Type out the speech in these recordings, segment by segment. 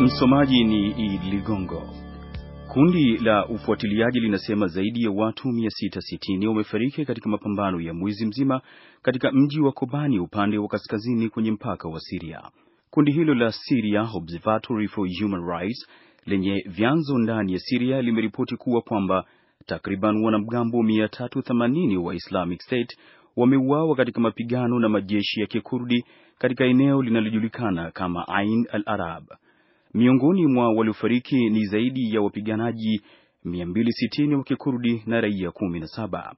Msomaji ni id Ligongo. Kundi la ufuatiliaji linasema zaidi ya watu 660 wamefariki katika mapambano ya mwezi mzima katika mji wa Kobani upande wa kaskazini kwenye mpaka wa Siria. Kundi hilo la Syria Observatory for Human Rights lenye vyanzo ndani ya Siria limeripoti kuwa kwamba takriban wanamgambo 380 wa Islamic State wameuawa katika mapigano na majeshi ya Kikurdi katika eneo linalojulikana kama Ain al-Arab. Miongoni mwa waliofariki ni zaidi ya wapiganaji 260 wa Kikurdi na raia 17.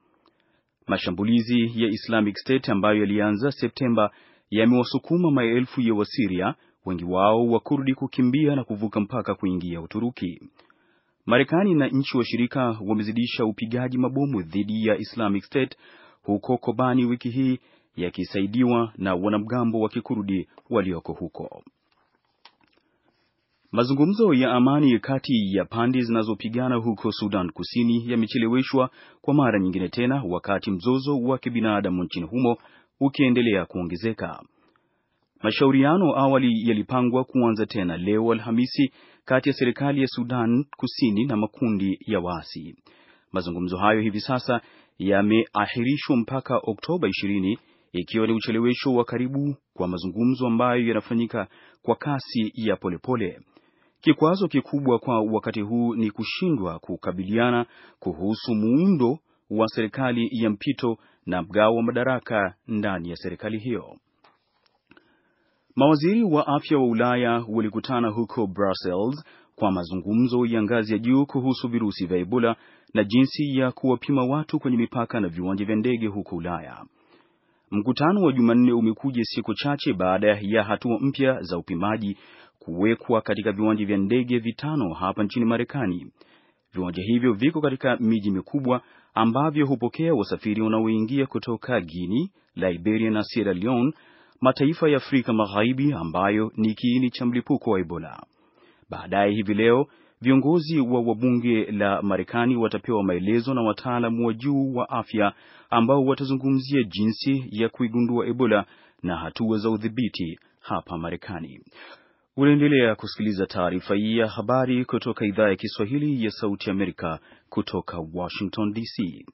Mashambulizi ya Islamic State ambayo yalianza Septemba yamewasukuma maelfu ya Wasiria, wengi wao Wakurdi, kukimbia na kuvuka mpaka kuingia Uturuki. Marekani na nchi washirika wamezidisha upigaji mabomu dhidi ya Islamic State huko Kobani wiki hii, yakisaidiwa na wanamgambo wa Kikurdi walioko huko. Mazungumzo ya amani kati ya pande zinazopigana huko Sudan Kusini yamecheleweshwa kwa mara nyingine tena wakati mzozo wa kibinadamu nchini humo ukiendelea kuongezeka. Mashauriano awali yalipangwa kuanza tena leo Alhamisi kati ya serikali ya Sudan Kusini na makundi ya waasi. Mazungumzo hayo hivi sasa yameahirishwa mpaka Oktoba 20 ikiwa ni uchelewesho wa karibu kwa mazungumzo ambayo yanafanyika kwa kasi ya polepole pole. Kikwazo kikubwa kwa wakati huu ni kushindwa kukabiliana kuhusu muundo wa serikali ya mpito na mgao wa madaraka ndani ya serikali hiyo. Mawaziri wa afya wa Ulaya walikutana huko Brussels kwa mazungumzo ya ngazi ya juu kuhusu virusi vya Ebola na jinsi ya kuwapima watu kwenye mipaka na viwanja vya ndege huko Ulaya. Mkutano wa Jumanne umekuja siku chache baada ya hatua mpya za upimaji kuwekwa katika viwanja vya ndege vitano hapa nchini Marekani. Viwanja hivyo viko katika miji mikubwa ambavyo hupokea wasafiri wanaoingia kutoka Guinea, Liberia na Sierra Leone, mataifa ya Afrika Magharibi ambayo ni kiini cha mlipuko wa Ebola. Baadaye hivi leo viongozi wa wabunge la Marekani watapewa maelezo na wataalamu wa juu wa afya ambao watazungumzia jinsi ya kuigundua Ebola na hatua za udhibiti hapa Marekani. Unaendelea kusikiliza taarifa hii ya habari kutoka idhaa ya Kiswahili ya Sauti Amerika kutoka Washington DC.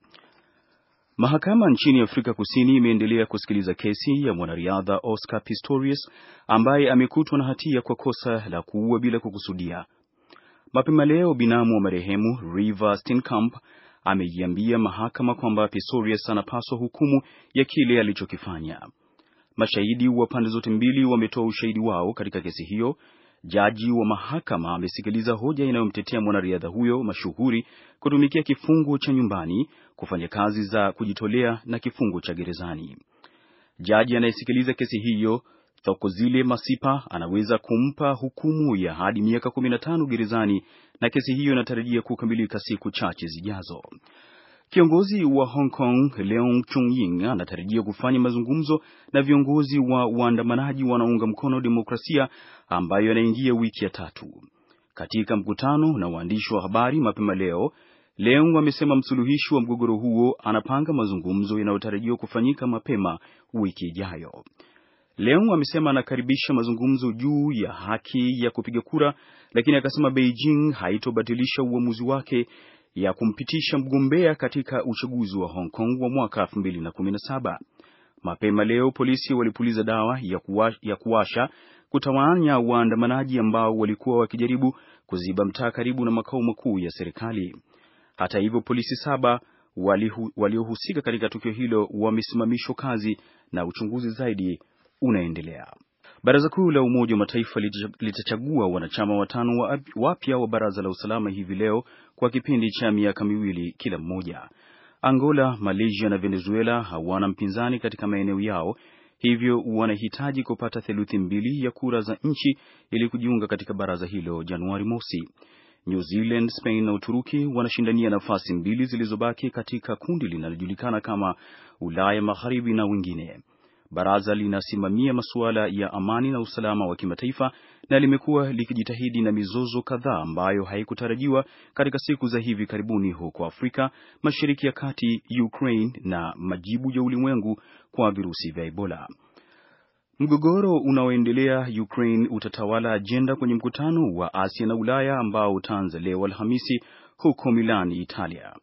Mahakama nchini Afrika Kusini imeendelea kusikiliza kesi ya mwanariadha Oscar Pistorius ambaye amekutwa na hatia kwa kosa la kuua bila kukusudia. Mapema leo, binamu wa marehemu Reeva Steenkamp ameiambia mahakama kwamba Pistorius anapaswa hukumu ya kile alichokifanya. Mashahidi wa pande zote mbili wametoa ushahidi wao katika kesi hiyo. Jaji wa mahakama amesikiliza hoja inayomtetea mwanariadha huyo mashuhuri kutumikia kifungo cha nyumbani, kufanya kazi za kujitolea na kifungo cha gerezani. Jaji anayesikiliza kesi hiyo Thokozile Masipa anaweza kumpa hukumu ya hadi miaka 15 gerezani na kesi hiyo inatarajia kukamilika siku chache zijazo. Kiongozi wa Hong Kong Leung Chung ying anatarajia kufanya mazungumzo na viongozi wa waandamanaji wanaunga mkono demokrasia ambayo yanaingia wiki ya tatu. Katika mkutano na waandishi wa habari mapema leo, Leung amesema msuluhishi wa mgogoro huo anapanga mazungumzo yanayotarajiwa kufanyika mapema wiki ijayo. Leung amesema anakaribisha mazungumzo juu ya haki ya kupiga kura, lakini akasema Beijing haitobatilisha uamuzi wake ya kumpitisha mgombea katika uchaguzi wa Hong Kong wa mwaka 2017. Mapema leo polisi walipuliza dawa ya kuwa, ya kuwasha kutawanya waandamanaji ambao walikuwa wakijaribu kuziba mtaa karibu na makao makuu ya serikali. Hata hivyo, polisi saba waliohusika wali katika tukio hilo wamesimamishwa kazi na uchunguzi zaidi unaendelea. Baraza Kuu la Umoja wa Mataifa litachagua wanachama watano wapya wa Baraza la Usalama hivi leo kwa kipindi cha miaka miwili kila mmoja. Angola, Malaysia na Venezuela hawana mpinzani katika maeneo yao, hivyo wanahitaji kupata theluthi mbili ya kura za nchi ili kujiunga katika baraza hilo Januari mosi. New Zealand, Spain na Uturuki wanashindania nafasi mbili zilizobaki katika kundi linalojulikana kama Ulaya Magharibi na wengine. Baraza linasimamia masuala ya amani na usalama wa kimataifa na limekuwa likijitahidi na mizozo kadhaa ambayo haikutarajiwa katika siku za hivi karibuni huko Afrika Mashariki ya Kati, Ukraine na majibu ya ulimwengu kwa virusi vya Ebola. Mgogoro unaoendelea Ukraine utatawala ajenda kwenye mkutano wa Asia na Ulaya ambao utaanza leo Alhamisi huko Milan, Italia.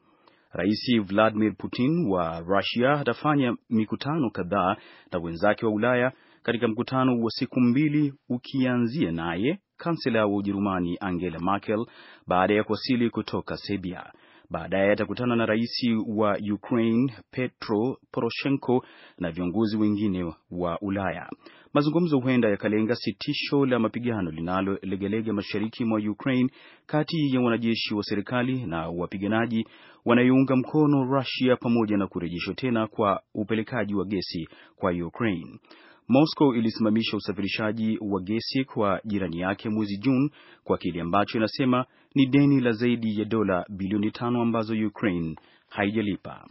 Rais Vladimir Putin wa Russia atafanya mikutano kadhaa na wenzake wa Ulaya katika mkutano wa siku mbili ukianzia naye kansela wa Ujerumani Angela Merkel baada ya kuwasili kutoka Serbia. Baadaye atakutana na rais wa Ukraine Petro Poroshenko na viongozi wengine wa Ulaya. Mazungumzo huenda yakalenga sitisho la mapigano linalolegelege mashariki mwa Ukraine kati ya wanajeshi wa serikali na wapiganaji wanayounga mkono Russia pamoja na kurejeshwa tena kwa upelekaji wa gesi kwa Ukraine. Moscow ilisimamisha usafirishaji wa gesi kwa jirani yake mwezi Juni kwa kile ambacho inasema ni deni la zaidi ya dola bilioni tano ambazo Ukraine haijalipa.